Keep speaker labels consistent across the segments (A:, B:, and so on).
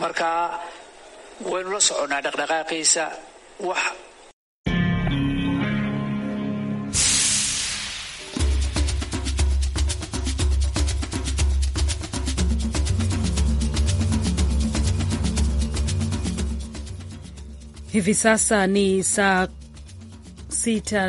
A: markaa waynu la soconnaa dhaqdhaqaaqiisa wax
B: hivi sasa ni saa sita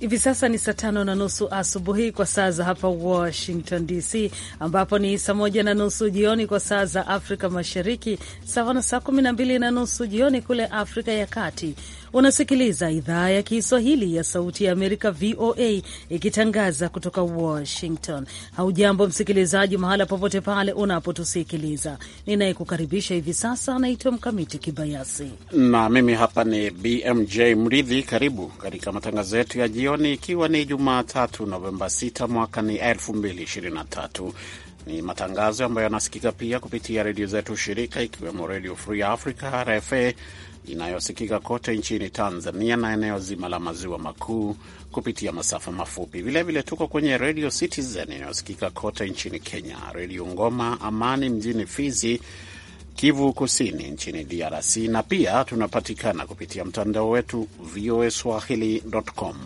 B: Hivi sasa ni saa tano na nusu asubuhi kwa saa za hapa Washington DC, ambapo ni saa moja na nusu jioni kwa saa za Afrika Mashariki, sawa na saa kumi na mbili na nusu jioni kule Afrika ya Kati. Unasikiliza idhaa ya Kiswahili ya Sauti ya Amerika, VOA, ikitangaza kutoka Washington. Haujambo msikilizaji, mahala popote pale unapotusikiliza. Ninayekukaribisha hivi sasa anaitwa Mkamiti Kibayasi
C: na mimi hapa ni BMJ Mridhi. Karibu katika matangazo yetu ya jio jioni, ikiwa ni Jumatatu Novemba 6 mwaka ni 2023. Ni matangazo ambayo yanasikika pia kupitia redio zetu shirika, ikiwemo Redio Free Africa RFA inayosikika kote nchini Tanzania na eneo zima la maziwa makuu kupitia masafa mafupi. Vilevile vile tuko kwenye Redio Citizen inayosikika kote nchini Kenya, Redio Ngoma Amani mjini Fizi, Kivu Kusini nchini DRC, na pia tunapatikana kupitia mtandao wetu voa swahili.com.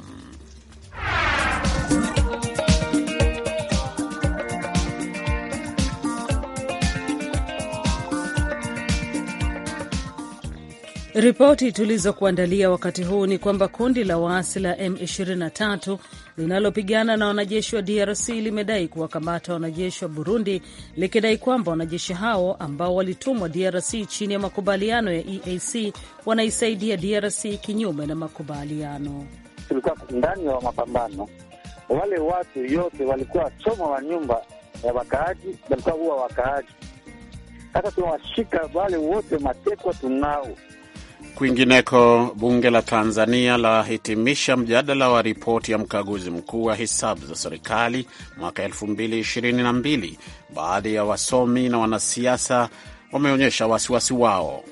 B: Ripoti tulizokuandalia wakati huu ni kwamba kundi la waasi la M23 linalopigana na wanajeshi wa DRC limedai kuwakamata wanajeshi wa Burundi likidai kwamba wanajeshi hao ambao walitumwa DRC chini ya makubaliano ya EAC wanaisaidia DRC kinyume na makubaliano.
D: Tulikuwa ndani ya mapambano, wale watu yote walikuwa choma wa nyumba ya wakaaji, walikuwa huwa wakaaji, hata tunawashika wale wote, matekwa tunao
C: Kwingineko, bunge la Tanzania lahitimisha mjadala wa ripoti ya mkaguzi mkuu wa hesabu za serikali mwaka 2022. Baadhi ya wasomi na wanasiasa wameonyesha wasiwasi wao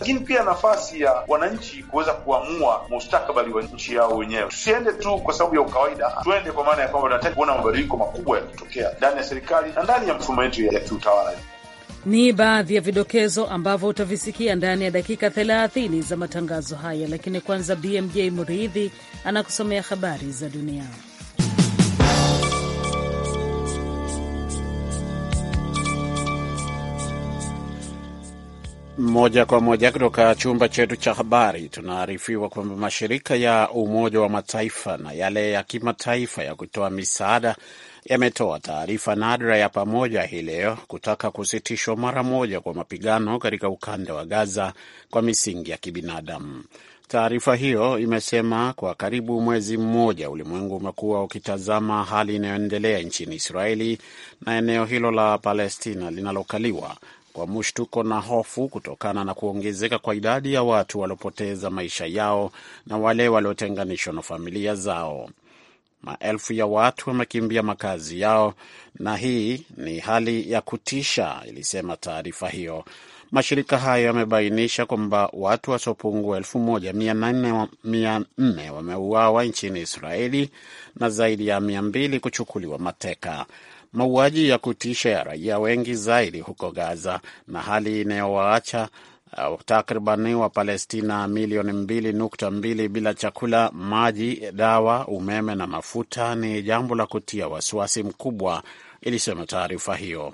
E: lakini pia nafasi ya wananchi kuweza kuamua mustakabali wa nchi yao wenyewe. Tusiende tu kwa sababu ya ukawaida, tuende kwa maana ya kwamba tunataka kuona mabadiliko makubwa yakitokea ndani ya serikali na ndani ya mfumo wetu ya kiutawala.
B: Ni baadhi ya vidokezo ambavyo utavisikia ndani ya dakika 30 za matangazo haya, lakini kwanza BMJ Muridhi anakusomea habari za dunia.
C: Moja kwa moja kutoka chumba chetu cha habari, tunaarifiwa kwamba mashirika ya Umoja wa Mataifa na yale ya kimataifa ya kutoa misaada yametoa taarifa nadra ya pamoja hii leo kutaka kusitishwa mara moja kwa mapigano katika ukanda wa Gaza kwa misingi ya kibinadamu. Taarifa hiyo imesema kwa karibu mwezi mmoja ulimwengu umekuwa ukitazama hali inayoendelea nchini Israeli na eneo hilo la Palestina linalokaliwa kwa mushtuko na hofu kutokana na kuongezeka kwa idadi ya watu waliopoteza maisha yao na wale waliotenganishwa na familia zao. Maelfu ya watu wamekimbia makazi yao, na hii ni hali ya kutisha, ilisema taarifa hiyo. Mashirika hayo yamebainisha kwamba watu wasiopungua elfu moja mia nne wameuawa nchini Israeli na zaidi ya mia mbili kuchukuliwa mateka mauaji ya kutisha ya raia wengi zaidi huko Gaza na hali inayowaacha Uh, takriban wa Palestina milioni mbili nukta mbili bila chakula, maji, dawa, umeme na mafuta ni jambo la kutia wasiwasi mkubwa, ilisema taarifa hiyo.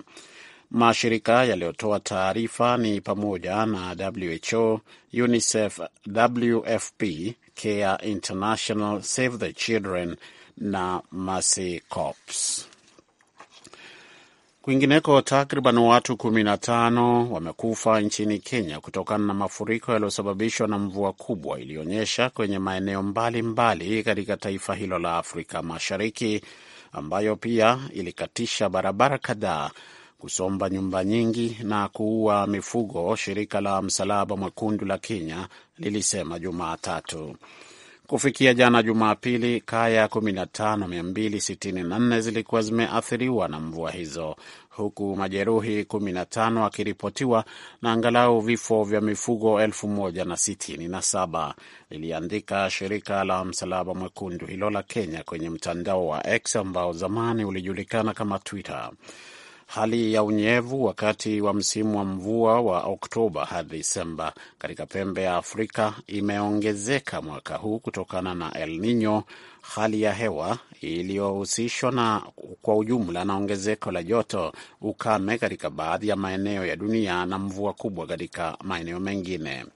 C: Mashirika yaliyotoa taarifa ni pamoja na WHO, UNICEF, WFP, Care International, Save the Children na Mercy Corps. Kwingineko, takriban watu 15 wamekufa nchini Kenya kutokana na mafuriko yaliyosababishwa na mvua kubwa iliyonyesha kwenye maeneo mbalimbali katika taifa hilo la Afrika Mashariki, ambayo pia ilikatisha barabara kadhaa, kusomba nyumba nyingi na kuua mifugo, shirika la Msalaba Mwekundu la Kenya lilisema Jumatatu. Kufikia jana Jumapili, kaya 15264 zilikuwa zimeathiriwa na mvua hizo, huku majeruhi 15 wakiripotiwa na angalau vifo vya mifugo 1067, liliandika shirika la Msalaba Mwekundu hilo la Kenya kwenye mtandao wa X ambao zamani ulijulikana kama Twitter hali ya unyevu wakati wa msimu wa mvua wa Oktoba hadi Disemba katika pembe ya Afrika imeongezeka mwaka huu kutokana na El Nino, hali ya hewa iliyohusishwa na kwa ujumla na ongezeko la joto, ukame katika baadhi ya maeneo ya dunia na mvua kubwa katika maeneo mengine.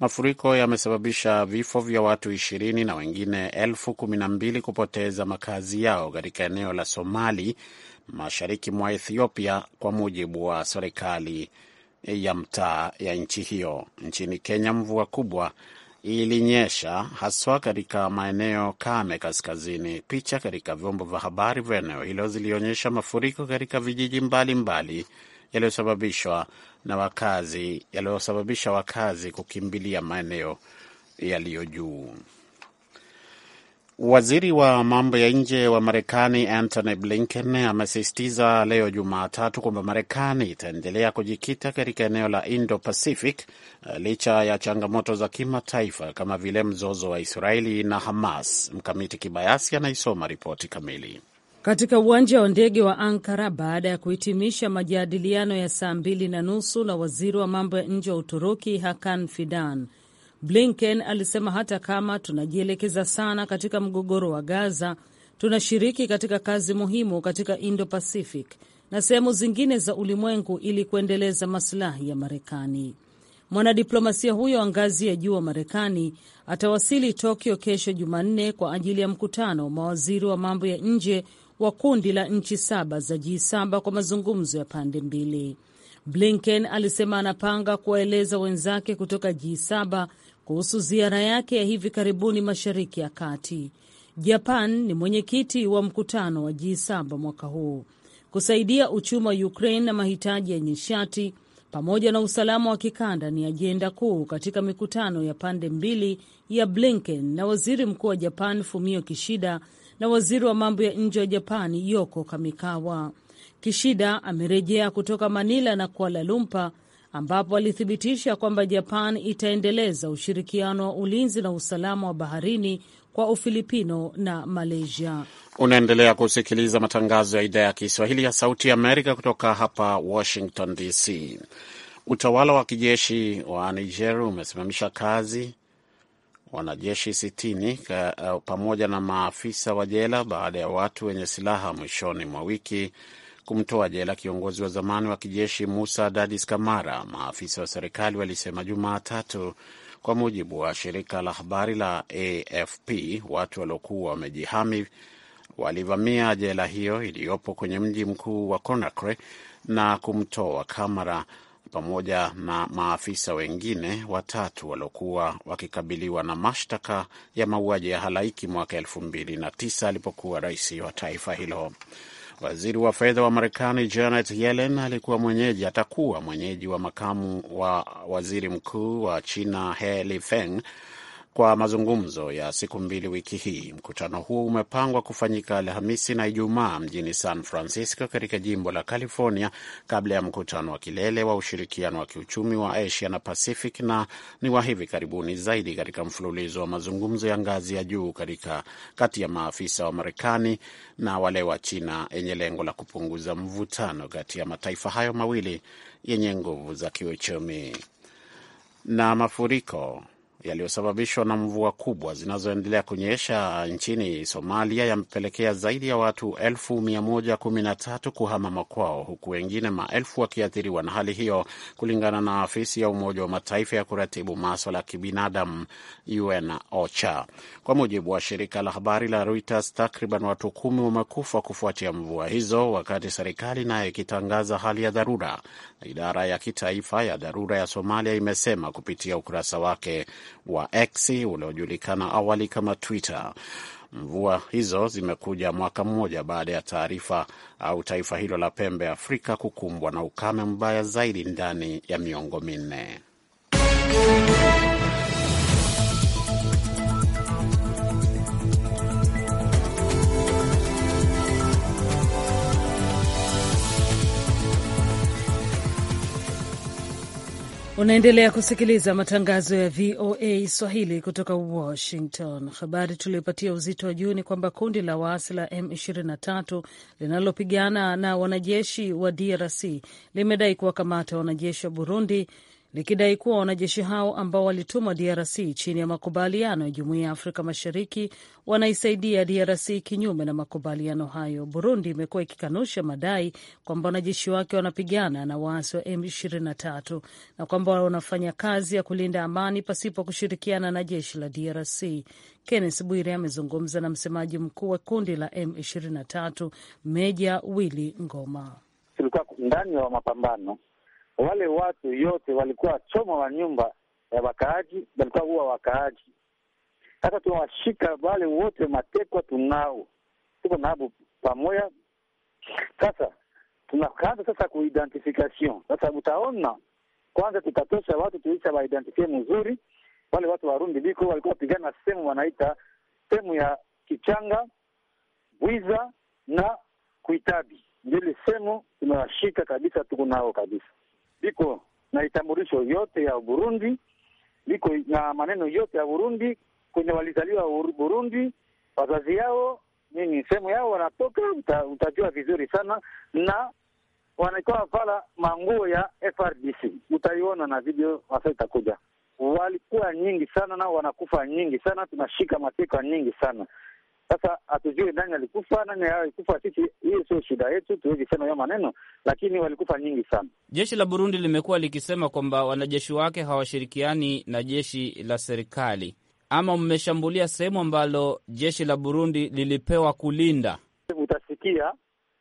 C: Mafuriko yamesababisha vifo vya watu ishirini na wengine elfu kumi na mbili kupoteza makazi yao katika eneo la Somali mashariki mwa Ethiopia, kwa mujibu wa serikali ya mtaa ya nchi hiyo. Nchini Kenya, mvua kubwa ilinyesha haswa katika maeneo kame kaskazini. Picha katika vyombo vya habari vya eneo hilo zilionyesha mafuriko katika vijiji mbalimbali yaliyosababishwa na wakazi yaliyosababisha wakazi kukimbilia maeneo yaliyo juu. Waziri wa mambo ya nje wa Marekani Antony Blinken amesisitiza leo Jumatatu kwamba Marekani itaendelea kujikita katika eneo la Indo Pacific eh, licha ya changamoto za kimataifa kama vile mzozo wa Israeli na Hamas. Mkamiti Kibayasi anaisoma ripoti kamili.
B: Katika uwanja wa ndege wa Ankara, baada ya kuhitimisha majadiliano ya saa mbili na nusu na waziri wa mambo ya nje wa Uturuki Hakan Fidan Blinken alisema hata kama tunajielekeza sana katika mgogoro wa Gaza, tunashiriki katika kazi muhimu katika Indo-Pacific na sehemu zingine za ulimwengu ili kuendeleza masilahi ya Marekani. Mwanadiplomasia huyo wa ngazi ya juu wa Marekani atawasili Tokyo kesho Jumanne kwa ajili ya mkutano wa mawaziri wa mambo ya nje wa kundi la nchi saba za G7 kwa mazungumzo ya pande mbili. Blinken alisema anapanga kuwaeleza wenzake kutoka G7 kuhusu ziara yake ya hivi karibuni Mashariki ya Kati. Japan ni mwenyekiti wa mkutano wa G7 mwaka huu. Kusaidia uchumi wa Ukraine na mahitaji ya nishati pamoja na usalama wa kikanda ni ajenda kuu katika mikutano ya pande mbili ya Blinken na waziri mkuu wa Japan Fumio Kishida na waziri wa mambo ya nje wa Japani Yoko Kamikawa. Kishida amerejea kutoka Manila na Kuala Lumpur ambapo alithibitisha kwamba Japan itaendeleza ushirikiano wa ulinzi na usalama wa baharini kwa Ufilipino na Malaysia.
C: Unaendelea kusikiliza matangazo ya idhaa ya Kiswahili ya Sauti ya Amerika kutoka hapa Washington DC. Utawala wa kijeshi wa Niger umesimamisha kazi wanajeshi 60 uh, pamoja na maafisa wa jela baada ya watu wenye silaha mwishoni mwa wiki kumtoa jela kiongozi wa zamani wa kijeshi Musa Dadis Kamara, maafisa wa serikali walisema Jumatatu, kwa mujibu wa shirika la habari la AFP. Watu waliokuwa wamejihami walivamia jela hiyo iliyopo kwenye mji mkuu wa Conakry na kumtoa Kamara pamoja na maafisa wengine watatu waliokuwa wakikabiliwa na mashtaka ya mauaji ya halaiki mwaka elfu mbili na tisa alipokuwa rais wa taifa hilo. Waziri wa fedha wa Marekani Janet Yellen alikuwa mwenyeji, atakuwa mwenyeji wa makamu wa waziri mkuu wa China He Lifeng kwa mazungumzo ya siku mbili wiki hii. Mkutano huo umepangwa kufanyika Alhamisi na Ijumaa mjini San Francisco katika jimbo la California, kabla ya mkutano wa kilele wa ushirikiano wa kiuchumi wa Asia na Pacific, na ni wa hivi karibuni zaidi katika mfululizo wa mazungumzo ya ngazi ya juu katika kati ya maafisa wa Marekani na wale wa China yenye lengo la kupunguza mvutano kati ya mataifa hayo mawili yenye nguvu za kiuchumi. Na mafuriko yaliyosababishwa na mvua kubwa zinazoendelea kunyesha nchini Somalia yamepelekea zaidi ya watu elfu mia moja kumi na tatu kuhama makwao huku wengine maelfu wakiathiriwa na hali hiyo, kulingana na afisi ya Umoja wa Mataifa ya kuratibu maswala ya kibinadamu UN OCHA. Kwa mujibu wa shirika la habari la Reuters, takriban watu kumi wamekufa kufuatia mvua hizo, wakati serikali nayo ikitangaza hali ya dharura. Idara ya kitaifa ya dharura ya Somalia imesema kupitia ukurasa wake wa X uliojulikana awali kama Twitter. Mvua hizo zimekuja mwaka mmoja baada ya taarifa au taifa hilo la pembe Afrika kukumbwa na ukame mbaya zaidi ndani ya miongo minne.
B: Unaendelea kusikiliza matangazo ya VOA Swahili kutoka Washington. Habari tuliyopatia uzito wa juu ni kwamba kundi la waasi la M23 linalopigana na wanajeshi wa DRC limedai kuwakamata wanajeshi wa Burundi likidai kuwa wanajeshi hao ambao walitumwa DRC chini ya makubaliano ya Jumuiya ya Afrika Mashariki wanaisaidia DRC kinyume na makubaliano hayo. Burundi imekuwa ikikanusha madai kwamba wanajeshi wake wanapigana na waasi wa M23 na kwamba wanafanya kazi ya kulinda amani pasipo kushirikiana na jeshi la DRC. kennes Bwire amezungumza na msemaji mkuu wa kundi la M23 Meja Willy Ngoma.
D: Tulikuwa ndani ya mapambano wale watu yote walikuwa choma wa nyumba ya wakaaji, walikuwa huwa wakaaji. Sasa tunawashika wale wote matekwa, tunao tuko nabo pamoja. Sasa tunakaanza sasa kuidentification. Sasa utaona kwanza, tutatosha watu tuisha waidentifie mzuri. Wale watu warundi biko walikuwa wapigana sehemu wanaita sehemu ya Kichanga, Bwiza na Kuitabi, ndio ile sehemu tumewashika kabisa, tuko nao kabisa liko na itambulisho yote ya Burundi, liko na maneno yote ya Burundi, kwenye walizaliwa Burundi, wazazi yao nini, sehemu yao wanatoka, utajua vizuri sana na wanaikuwa vala manguo ya FRDC, utaiona na video hasa itakuja. Walikuwa nyingi sana nao wanakufa nyingi sana, tunashika mateka nyingi sana sasa hatujui nani alikufa, nani alikufa, sisi hiyo sio shida yetu, tuwezi sema hiyo maneno, lakini walikufa nyingi sana.
A: Jeshi la Burundi limekuwa likisema kwamba wanajeshi wake hawashirikiani na jeshi la serikali. Ama mmeshambulia sehemu ambalo jeshi la Burundi lilipewa kulinda?
D: Utasikia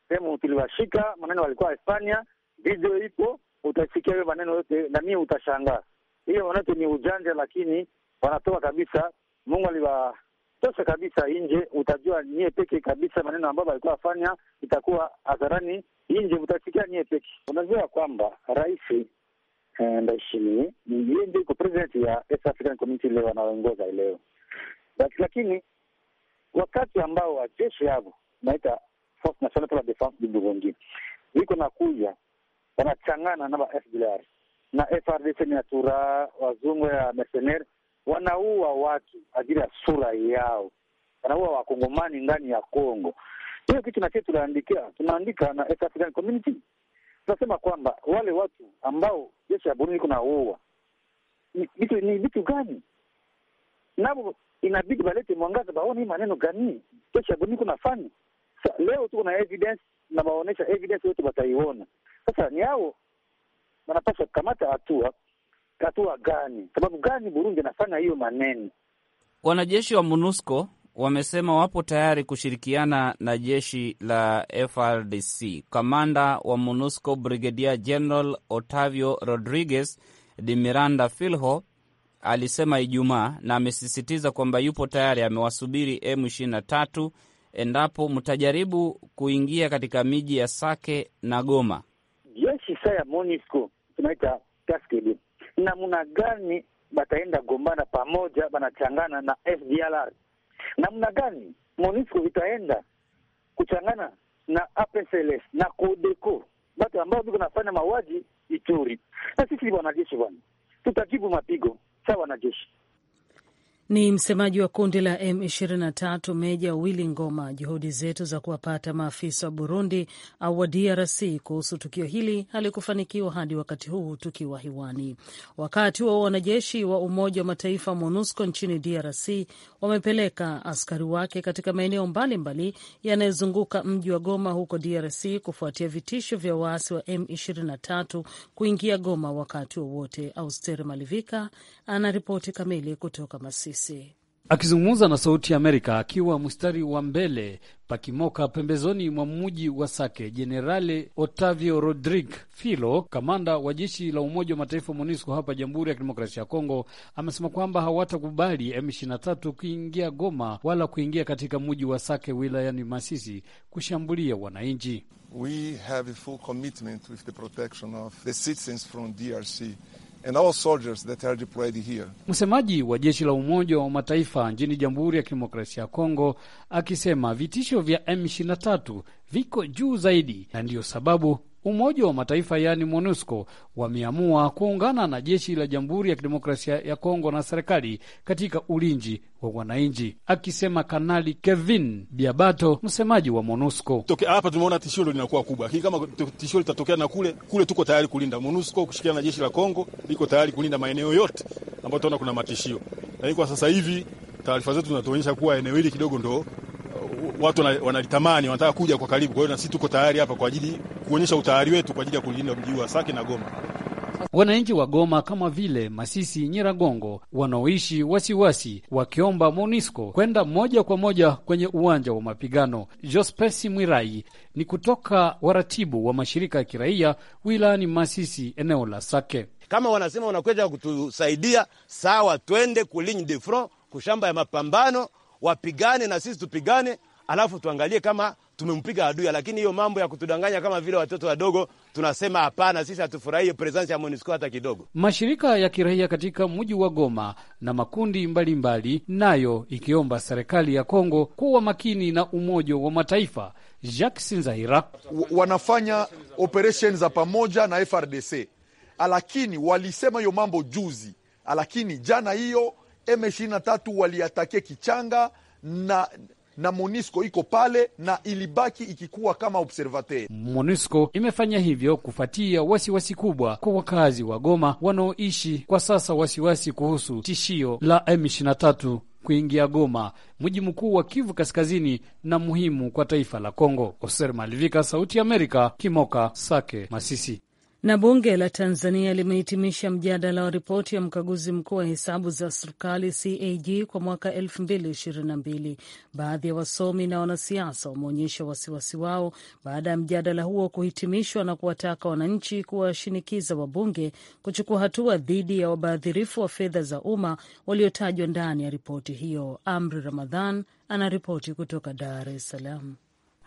D: sehemu tuliwashika, maneno walikuwa Hispania, video ipo, utasikia hiyo maneno yote, na mimi utashangaa. Hiyo maneno ni ujanja, lakini wanatoa kabisa. Mungu aliwa tosha kabisa nje, utajua nie peke kabisa maneno ambayo alikuwa afanya itakuwa hadharani nje, utasikia nie peke. Unajua kwamba rais eh, Ndayishimiye ndiye ndio iko president ya East African Community leo anaongoza leo, lakini wakati ambao wajeshi yavo naita Force Nationale pour la Defense du Burundi wanachangana na ba FDLR na FRDC, ni atura wazungu ya mercenaires wanaua watu ajili ya sura yao, wanaua wakongomani ndani ya Kongo. Hiyo kitu na tunaandikia tunaandika na East African Community, tunasema kwamba wale watu ambao jeshi ya Burundi kunaua ni vitu ni vitu gani, nabo inabidi balete mwangaza, baone hii maneno gani jeshi ya Burundi kunafanya. Sa, leo tuko na evidence na baonesha evidence yote, bataiona sasa. Ni hao wanapaswa kukamata hatua hatua gani? Sababu gani Burundi anafanya hiyo maneno?
A: Wanajeshi wa MONUSCO wamesema wapo tayari kushirikiana na jeshi la FRDC. Kamanda wa MONUSCO Brigedia General Otavio Rodriguez de Miranda Filho alisema Ijumaa na amesisitiza kwamba yupo tayari, amewasubiri M23 endapo mtajaribu kuingia katika miji ya Sake na Goma.
D: Jeshi saa ya MONUSCO tunaita namna gani bataenda gombana pamoja, banachangana na FDLR namna gani MONUSCO itaenda kuchangana na APCLS na CODECO, batu ambao biko nafanya mauaji Ituri. Na sisi wanajeshi bwana, tutajibu mapigo sawa wanajeshi
B: ni msemaji wa kundi la M23 Meja Willy Ngoma. Juhudi zetu za kuwapata maafisa wa Burundi au wa DRC kuhusu tukio hili halikufanikiwa hadi wakati huu tukiwa hewani. Wakati wa wanajeshi wa Umoja wa Mataifa MONUSCO nchini DRC wamepeleka askari wake katika maeneo mbalimbali yanayozunguka mji wa Goma huko DRC kufuatia vitisho vya waasi wa M23 kuingia Goma wakati wowote. Auster Malivika anaripoti kamili kutoka Masisi. Masisi.
A: Akizungumza na Sauti ya Amerika akiwa mstari wa mbele pakimoka pembezoni mwa mji wa Sake, Jenerali Otavio Rodrigue Filo, kamanda wa jeshi la Umoja wa Mataifa MONUSCO hapa Jamhuri ya Kidemokrasia ya Kongo, amesema kwamba hawatakubali M23 kuingia Goma wala kuingia katika mji wa Sake wilayani Masisi kushambulia wananchi.
F: We have a full commitment with the protection of the citizens from DRC and our soldiers that are deployed here.
A: Msemaji wa jeshi la Umoja wa Mataifa nchini Jamhuri ya Kidemokrasia ya Kongo akisema vitisho vya M23 viko juu zaidi na ndiyo sababu Umoja wa Mataifa yaani MONUSCO wameamua kuungana na jeshi la Jamhuri ya Kidemokrasia ya Kongo na serikali katika ulinzi wa wananchi, akisema Kanali Kevin Biabato, msemaji wa MONUSCO. Hapa tumeona tishio
E: ndo linakuwa kubwa, lakini kama tishio litatokea na kule kule, tuko tayari kulinda. MONUSCO kushirikiana na jeshi la Kongo liko tayari kulinda maeneo yote ambayo tunaona kuna matishio, lakini kwa sasa hivi taarifa zetu zinatuonyesha kuwa eneo hili kidogo ndo uh, watu wanalitamani, wanataka kuja kwa karibu. Kwa hiyo na sisi tuko tayari hapa kwa ajili kuonyesha utayari wetu kwa ajili ya kulinda mji wa Sake na Goma.
A: Wananchi wa Goma kama vile Masisi, Nyiragongo wanaoishi wasiwasi wakiomba MONUSCO kwenda moja kwa moja kwenye uwanja wa mapigano. Jospesi Mwirai ni kutoka waratibu wa mashirika ya kiraia wilayani Masisi, eneo la Sake. Kama
E: wanasema wanakweja kutusaidia, sawa, twende kuligne de front, kushamba ya mapambano, wapigane na sisi tupigane, alafu tuangalie kama tumempiga adui, lakini hiyo mambo ya kutudanganya kama vile watoto wadogo, tunasema hapana, sisi hatufurahie presence ya MONUSCO hata kidogo.
A: Mashirika ya kiraia katika mji wa Goma na makundi mbalimbali mbali, nayo ikiomba serikali ya Kongo kuwa makini na Umoja wa Mataifa. Jacques Sinzahira:
E: wanafanya operation za pamoja na FRDC,
A: lakini walisema
E: hiyo mambo juzi, lakini jana hiyo M23 waliatake Kichanga na na MONUSCO iko pale na ilibaki ikikuwa kama observateur.
A: MONUSCO imefanya hivyo kufuatia wasiwasi kubwa kwa wakazi wa Goma wanaoishi kwa sasa wasiwasi kuhusu tishio la M23 kuingia Goma, mji mkuu wa Kivu Kaskazini na muhimu kwa taifa la Kongo. Oser Malivika, Sauti ya Amerika, Kimoka Sake, Masisi.
B: Na bunge la Tanzania limehitimisha mjadala wa ripoti ya mkaguzi mkuu wa hesabu za serikali CAG kwa mwaka 2022. Baadhi ya wasomi na wanasiasa wameonyesha wasiwasi wao baada ya mjadala huo kuhitimishwa na kuwataka wananchi kuwashinikiza wabunge kuchukua hatua dhidi ya wabadhirifu wa fedha za umma waliotajwa ndani ya ripoti hiyo. Amri Ramadhan anaripoti kutoka Dar es Salaam.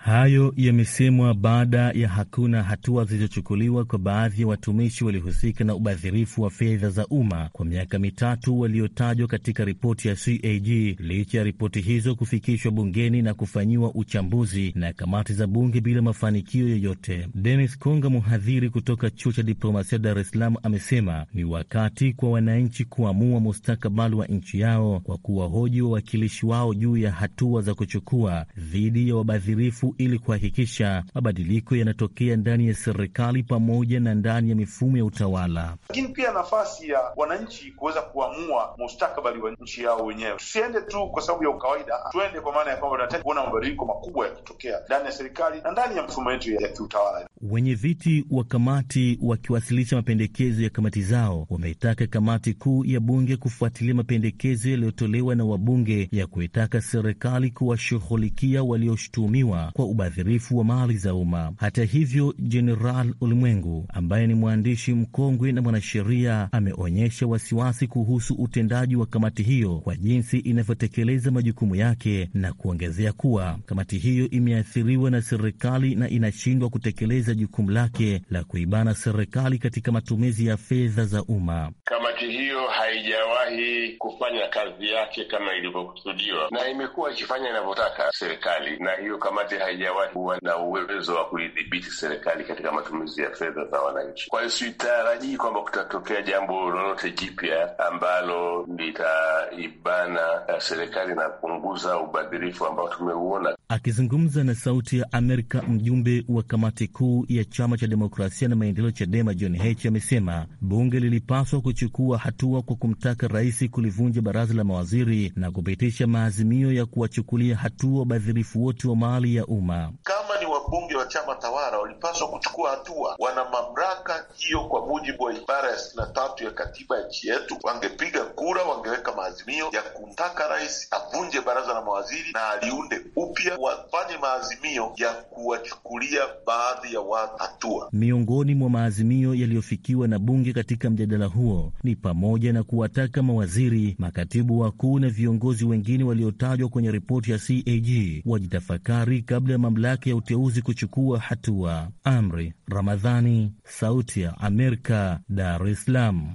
F: Hayo yamesemwa baada ya hakuna hatua zilizochukuliwa kwa baadhi ya watumishi waliohusika na ubadhirifu wa fedha za umma kwa miaka mitatu waliotajwa katika ripoti ya CAG, licha ya ripoti hizo kufikishwa bungeni na kufanyiwa uchambuzi na kamati za bunge bila mafanikio yoyote. Dennis Konga, mhadhiri kutoka chuo cha diplomasia Dar es Salaam, amesema ni wakati kwa wananchi kuamua mustakabali wa nchi yao kwa kuwahoji wawakilishi wao juu ya hatua za kuchukua dhidi ya wabadhirifu ili kuhakikisha mabadiliko yanatokea ndani ya serikali pamoja na ndani ya mifumo ya utawala,
E: lakini pia nafasi ya wananchi kuweza kuamua mustakabali wa nchi yao wenyewe. Tusiende tu kwa sababu ya ukawaida, tuende kwa maana ya kwamba tunataka kuona mabadiliko makubwa yakitokea ndani ya serikali na ndani ya mfumo wetu ya
F: kiutawala. Wenye viti wa kamati wakiwasilisha mapendekezo ya kamati zao, wameitaka kamati kuu ya bunge kufuatilia mapendekezo yaliyotolewa na wabunge ya kuitaka serikali kuwashughulikia walioshutumiwa kwa ubadhirifu wa mali za umma. Hata hivyo, Jeneral Ulimwengu ambaye ni mwandishi mkongwe na mwanasheria ameonyesha wasiwasi kuhusu utendaji wa kamati hiyo kwa jinsi inavyotekeleza majukumu yake na kuongezea kuwa kamati hiyo imeathiriwa na serikali na inashindwa kutekeleza jukumu lake la kuibana serikali katika matumizi ya fedha za umma.
G: Kamati hiyo haijawa haijawahi kufanya kazi yake kama ilivyokusudiwa, na imekuwa ikifanya inavyotaka serikali, na hiyo kamati haijawahi kuwa na uwezo wa kuidhibiti serikali katika matumizi ya fedha za wananchi. Kwa hiyo sitarajii kwamba kutatokea jambo lolote jipya ambalo litaibana eh, serikali na kupunguza ubadhirifu ambao tumeuona.
F: Akizungumza na Sauti ya Amerika, mjumbe wa kamati kuu ya chama cha demokrasia na maendeleo, CHADEMA, John Heche amesema bunge lilipaswa kuchukua hatua kwa kumtaka rais kulivunja baraza la mawaziri na kupitisha maazimio ya kuwachukulia hatua ubadhirifu wote wa mali ya umma
G: kama wabunge wa chama tawala walipaswa kuchukua hatua. Wana mamlaka hiyo kwa mujibu wa ibara ya sitini na tatu ya katiba ya nchi yetu. Wangepiga kura, wangeweka maazimio ya kumtaka rais avunje baraza la mawaziri na aliunde upya, wafanye maazimio ya kuwachukulia
F: baadhi ya watu hatua. Miongoni mwa maazimio yaliyofikiwa na bunge katika mjadala huo ni pamoja na kuwataka mawaziri, makatibu wakuu na viongozi wengine waliotajwa kwenye ripoti ya CAG wajitafakari kabla ya mamlaka ya uteuzi hatuwezi kuchukua hatua. Amri Ramadhani, Sauti ya Amerika, Dar es Salaam.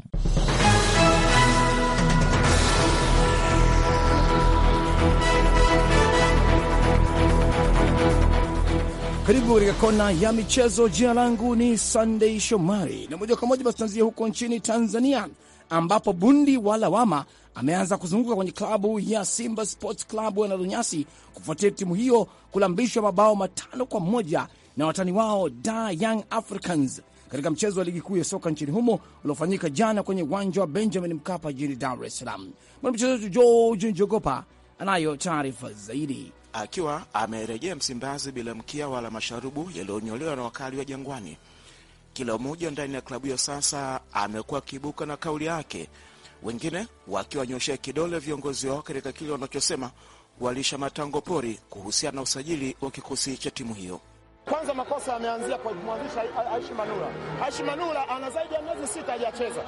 H: Karibu katika kona ya michezo. Jina langu ni Sandei Shomari na moja kwa moja basi tuanzia huko nchini Tanzania ambapo bundi wala wama ameanza kuzunguka kwenye klabu ya Simba Sports Club wanalunyasi kufuatia timu hiyo kulambishwa mabao matano kwa moja na watani wao Da Young Africans katika mchezo wa ligi kuu ya soka nchini humo uliofanyika jana kwenye uwanja wa Benjamin Mkapa jijini Dar es Salaam. Mwanamchezo wetu George Njogopa anayo
G: taarifa zaidi. Akiwa amerejea Msimbazi bila mkia wala masharubu yaliyonyolewa na wakali wa Jangwani kila mmoja ndani ya klabu hiyo sasa amekuwa akiibuka na kauli yake, wengine wakiwanyoshea kidole viongozi wao katika kile wanachosema walisha matango pori kuhusiana na usajili wa kikosi cha timu hiyo. Kwanza makosa yameanzia kwa mwanzisha Aishi Manula. Aishi Manula ana zaidi ya miezi sita hajacheza.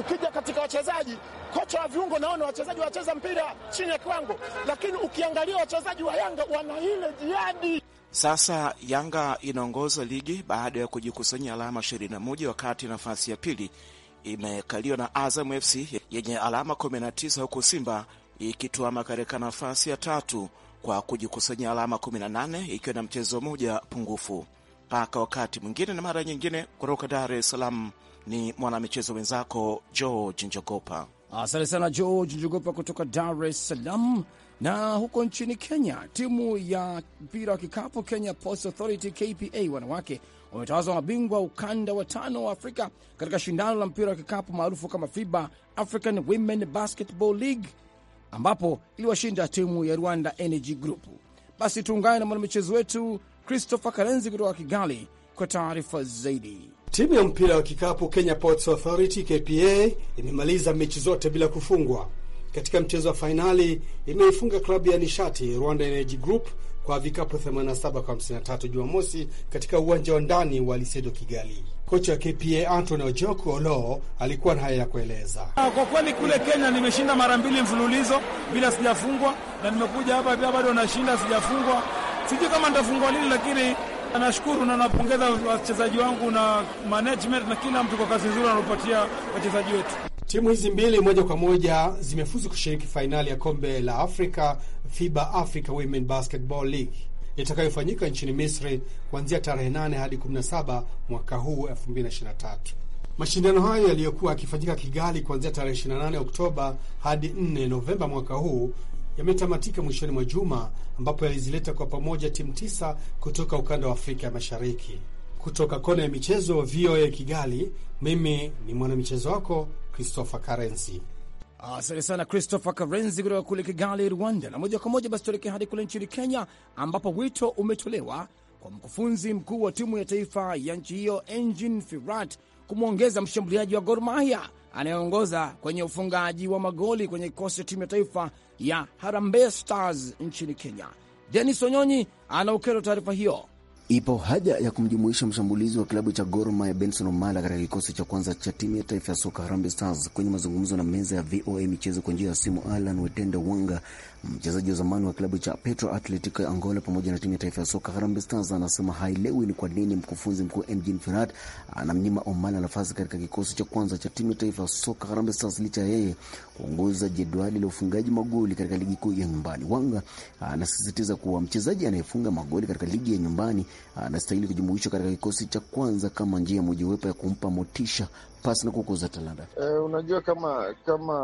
C: Ukija katika wachezaji, kocha wa viungo, naona wachezaji wacheza mpira chini ya kiwango, lakini ukiangalia wachezaji wa Yanga wana ile jiadi
G: sasa Yanga inaongoza ligi baada ya kujikusanya alama 21 wakati nafasi ya pili imekaliwa na Azam FC yenye alama 19 huku Simba ikituama katika nafasi ya tatu kwa kujikusanya alama 18 ikiwa na mchezo mmoja pungufu. Mpaka wakati mwingine na mara nyingine, kutoka Dar es Salaam ni mwanamichezo mwenzako George Njogopa.
H: Asante sana George Njogopa kutoka Dar es Salaam. Na huko nchini Kenya, timu ya mpira wa kikapu Kenya Ports Authority KPA wanawake wametawazwa mabingwa ukanda wa tano wa Afrika katika shindano la mpira wa kikapu maarufu kama FIBA African Women Basketball League, ambapo iliwashinda timu ya Rwanda Energy Group. Basi tuungane na mwanamichezo wetu Christopher Karenzi kutoka Kigali kwa taarifa zaidi. Timu ya mpira wa kikapu Kenya Ports Authority
E: KPA imemaliza mechi zote bila kufungwa katika mchezo wa fainali imeifunga klabu ya nishati Rwanda Energy Group kwa vikapu 87 kwa 53 Jumamosi katika uwanja wa ndani wa Lisedo, Kigali. Kocha wa KPA Antony Ojoku Olo alikuwa na
A: haya ya kueleza.
E: Kwa kweli kule Kenya nimeshinda mara mbili mfululizo bila sijafungwa, na nimekuja hapa pia bado nashinda sijafungwa. Sijui kama nitafungwa lini, lakini nashukuru na napongeza wachezaji wangu na management na kila mtu kwa kazi nzuri anaopatia wachezaji wetu. Timu hizi mbili moja kwa moja zimefuzu kushiriki fainali ya kombe la Afrika FIBA Africa Women Basketball League itakayofanyika nchini Misri kuanzia tarehe 8 hadi 17 mwaka huu 2023. Mashindano hayo yaliyokuwa yakifanyika Kigali kuanzia tarehe 28 Oktoba hadi 4 Novemba mwaka huu yametamatika mwishoni mwa juma ambapo yalizileta kwa pamoja timu tisa kutoka ukanda wa Afrika ya Mashariki. Kutoka kona ya michezo VOA Kigali, mimi ni mwanamichezo wako
F: Christopher Karenzi.
H: Asante sana Christopher Karenzi kutoka kule Kigali, Rwanda. Na moja kwa moja basi tuelekee hadi kule nchini Kenya, ambapo wito umetolewa kwa mkufunzi mkuu wa timu ya taifa ya nchi hiyo Engin Firat kumwongeza mshambuliaji wa Gor Mahia anayeongoza kwenye ufungaji wa magoli kwenye kikosi cha timu ya taifa ya Harambee Stars nchini Kenya. Denis Onyonyi anaukera taarifa hiyo.
G: Ipo haja ya kumjumuisha mshambulizi wa klabu cha Gor Mahia Benson Omala katika kikosi cha kwanza cha timu ya taifa ya soka Harambee Stars. Kwenye mazungumzo na meza ya VOA michezo kwa njia ya simu, Alan Wetende Wanga, mchezaji wa zamani wa klabu cha Petro Atletico ya Angola pamoja na timu ya taifa ya soka Harambee Stars, anasema haielewi ni kwa nini mkufunzi mkuu Engin Firat anamnyima Omala nafasi katika kikosi cha kwanza cha timu ya taifa ya soka Harambee Stars licha ya yeye kuongoza jedwali la ufungaji magoli katika ligi kuu ya nyumbani. Wanga anasisitiza kuwa mchezaji anayefunga magoli katika ligi ya nyumbani anastahili ah, kujumuishwa katika kikosi cha kwanza kama njia mojawapo ya kumpa motisha pasi na kukuza talanta? Eh, unajua kama kama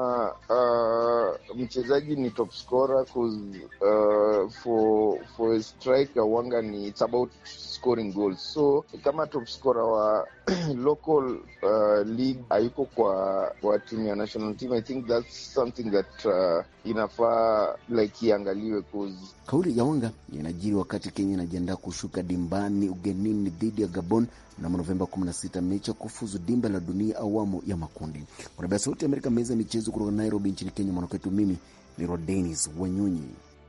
G: uh, mchezaji ni top scorer cause, uh, for for a striker wanga ni it's about scoring goals. So kama top scorer wa local uh, league hayuko kwa kwa timu ya national team, I think that's something that uh, inafaa like iangaliwe cause. Kauli ya wanga inajiri wakati Kenya inajiandaa kushuka dimbani ugenini dhidi ya Gabon mnamo Novemba 16 mechi ya kufuzu dimba la dunia awamu ya makundi. Kwa Sauti ya Amerika, meza ya michezo kutoka Nairobi nchini Kenya, mwanakwetu mimi nirwa Denis Wanyonyi.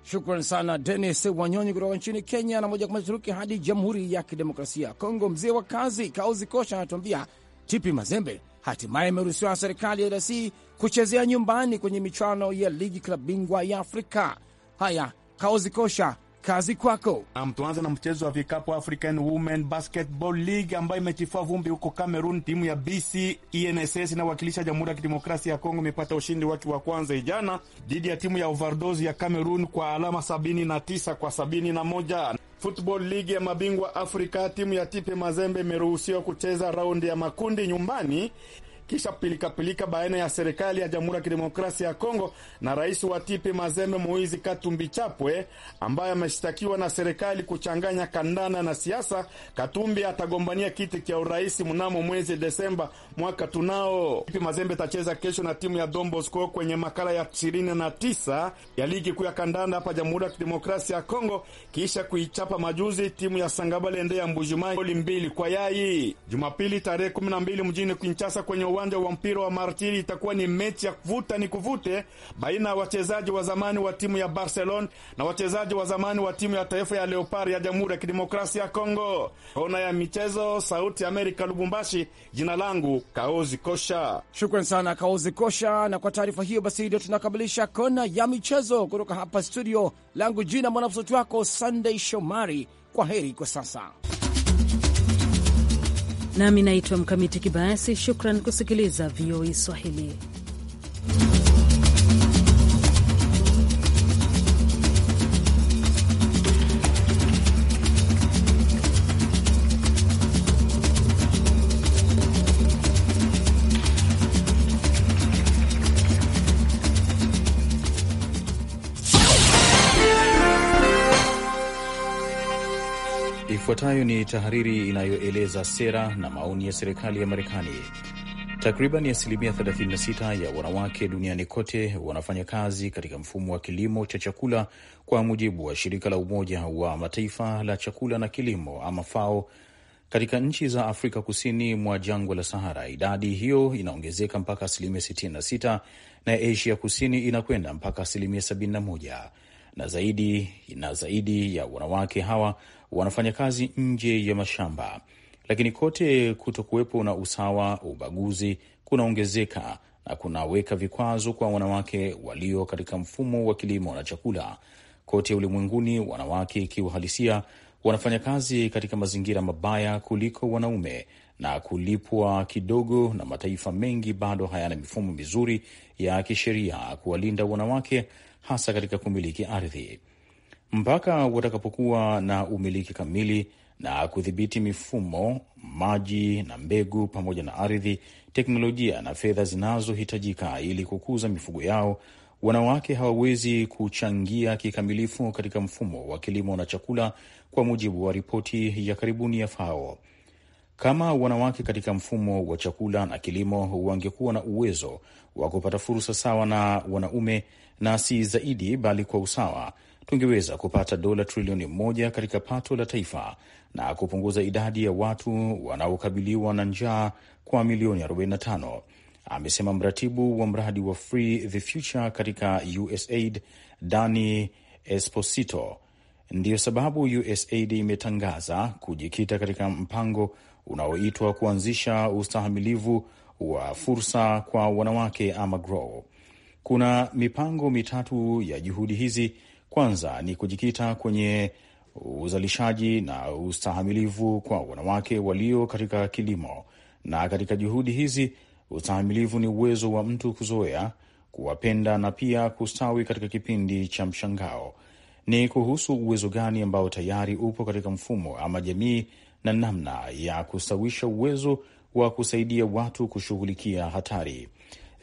H: Shukran sana Denis Wanyonyi kutoka nchini Kenya. Na moja kwa moja Turuki hadi Jamhuri ya Kidemokrasia ya Kongo. Mzee wa kazi Kaozi Kosha anatuambia Tipi Mazembe hatimaye imeruhusiwa na serikali ya DRC kuchezea nyumbani kwenye michuano ya ligi klabu bingwa ya Afrika.
E: Haya, Kaozi Kosha, kazi kwako. Nam, tuanze na mchezo wa vikapu African Women Basketball League ambayo imetifua vumbi huko Cameroon. Timu ya BC ENSS inawakilisha Jamhuri ya Kidemokrasia ya Kongo imepata ushindi wake wa kwanza ijana dhidi ya timu ya Overdose ya Cameroon kwa alama 79 kwa 71. Football League ya mabingwa Afrika, timu ya Tipe Mazembe imeruhusiwa kucheza raundi ya makundi nyumbani kisha pilikapilika baina ya serikali ya Jamhuri ya Kidemokrasia ya Kongo na rais wa Tipe Mazembe Moizi Katumbi Chapwe ambaye ameshtakiwa na serikali kuchanganya kandana na siasa. Katumbi atagombania kiti cha urais mnamo mwezi Desemba mwaka tunao. Tipe Mazembe tacheza kesho na timu ya Don Bosco kwenye makala ya 29 ya ligi kuu ya kandanda hapa Jamhuri ya Kidemokrasia ya Kongo kisha kuichapa majuzi timu ya Sangabalende ya Mbujumai goli mbili kwa yai Jumapili tarehe 12 mjini Kinshasa kwenye uwanja wa mpira wa Martiri itakuwa ni mechi ya kuvuta ni kuvute baina ya wachezaji wa zamani wa timu ya Barcelona na wachezaji wa zamani wa timu ya taifa ya Leopard ya Jamhuri ya Kidemokrasia ya Kongo.
H: Kona ya michezo, Sauti ya Amerika, Lubumbashi. Jina langu Kaozi Kosha. Shukran sana Kaozi Kosha, na kwa taarifa hiyo basi ndio tunakamilisha kona ya michezo kutoka hapa studio langu. Jina mwanamsoti wako Sunday Shomari. Kwa heri kwa sasa
B: nami naitwa Mkamiti Kibayasi. Shukran kusikiliza VOA e Swahili.
I: Ifuatayo ni tahariri inayoeleza sera na maoni ya serikali ya Marekani. Takriban asilimia 36 ya wanawake duniani kote wanafanya kazi katika mfumo wa kilimo cha chakula, kwa mujibu wa shirika la Umoja wa Mataifa la chakula na kilimo ama FAO. Katika nchi za Afrika kusini mwa jangwa la Sahara, idadi hiyo inaongezeka mpaka asilimia 66 na Asia kusini inakwenda mpaka asilimia 71 na zaidi. Na zaidi ya wanawake hawa wanafanya kazi nje ya mashamba, lakini kote kutokuwepo na usawa, ubaguzi kunaongezeka na kunaweka vikwazo kwa wanawake walio katika mfumo wa kilimo na chakula. Kote ulimwenguni, wanawake kiuhalisia wanafanya kazi katika mazingira mabaya kuliko wanaume na kulipwa kidogo, na mataifa mengi bado hayana mifumo mizuri ya kisheria kuwalinda wanawake, hasa katika kumiliki ardhi mpaka watakapokuwa na umiliki kamili na kudhibiti mifumo, maji na mbegu, pamoja na ardhi, teknolojia na fedha zinazohitajika ili kukuza mifugo yao. Wanawake hawawezi kuchangia kikamilifu katika mfumo wa kilimo na chakula, kwa mujibu wa ripoti ya karibuni ya FAO. Kama wanawake katika mfumo wa chakula na kilimo wangekuwa na uwezo wa kupata fursa sawa na wanaume, na si zaidi, bali kwa usawa tungeweza kupata dola trilioni moja katika pato la taifa na kupunguza idadi ya watu wanaokabiliwa na njaa kwa milioni 45, amesema mratibu wa mradi wa Free the Future katika USAID Dani Esposito. Ndiyo sababu USAID imetangaza kujikita katika mpango unaoitwa kuanzisha ustahamilivu wa fursa kwa wanawake ama GROW. Kuna mipango mitatu ya juhudi hizi kwanza ni kujikita kwenye uzalishaji na ustahamilivu kwa wanawake walio katika kilimo, na katika juhudi hizi ustahamilivu ni uwezo wa mtu kuzoea, kuwapenda na pia kustawi katika kipindi cha mshangao. Ni kuhusu uwezo gani ambao tayari upo katika mfumo ama jamii na namna ya kustawisha uwezo wa kusaidia watu kushughulikia hatari.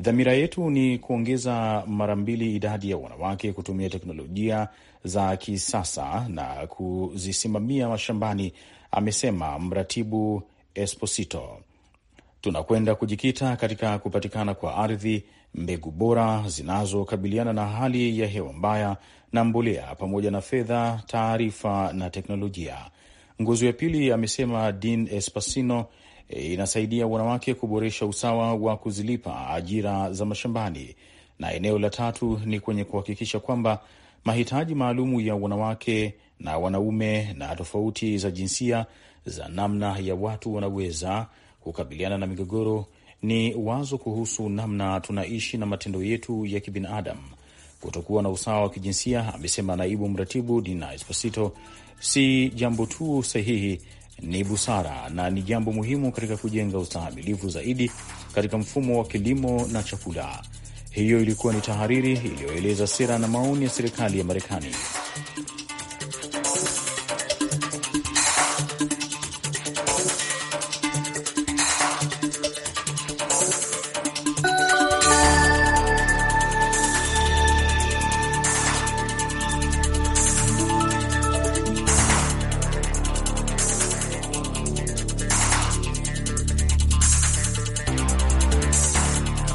I: Dhamira yetu ni kuongeza mara mbili idadi ya wanawake kutumia teknolojia za kisasa na kuzisimamia mashambani, amesema mratibu Esposito. Tunakwenda kujikita katika kupatikana kwa ardhi, mbegu bora zinazokabiliana na hali ya hewa mbaya na mbolea, pamoja na fedha, taarifa na teknolojia. Nguzo ya pili, amesema Dean Espasino E, inasaidia wanawake kuboresha usawa wa kuzilipa ajira za mashambani, na eneo la tatu ni kwenye kuhakikisha kwamba mahitaji maalumu ya wanawake na wanaume na tofauti za jinsia za namna ya watu wanaweza kukabiliana na migogoro. Ni wazo kuhusu namna tunaishi na matendo yetu ya kibinadamu kutokuwa na usawa wa kijinsia, amesema naibu mratibu Dina Esposito. Si jambo tu sahihi ni busara na ni jambo muhimu katika kujenga ustahimilivu zaidi katika mfumo wa kilimo na chakula. Hiyo ilikuwa ni tahariri iliyoeleza sera na maoni ya serikali ya Marekani.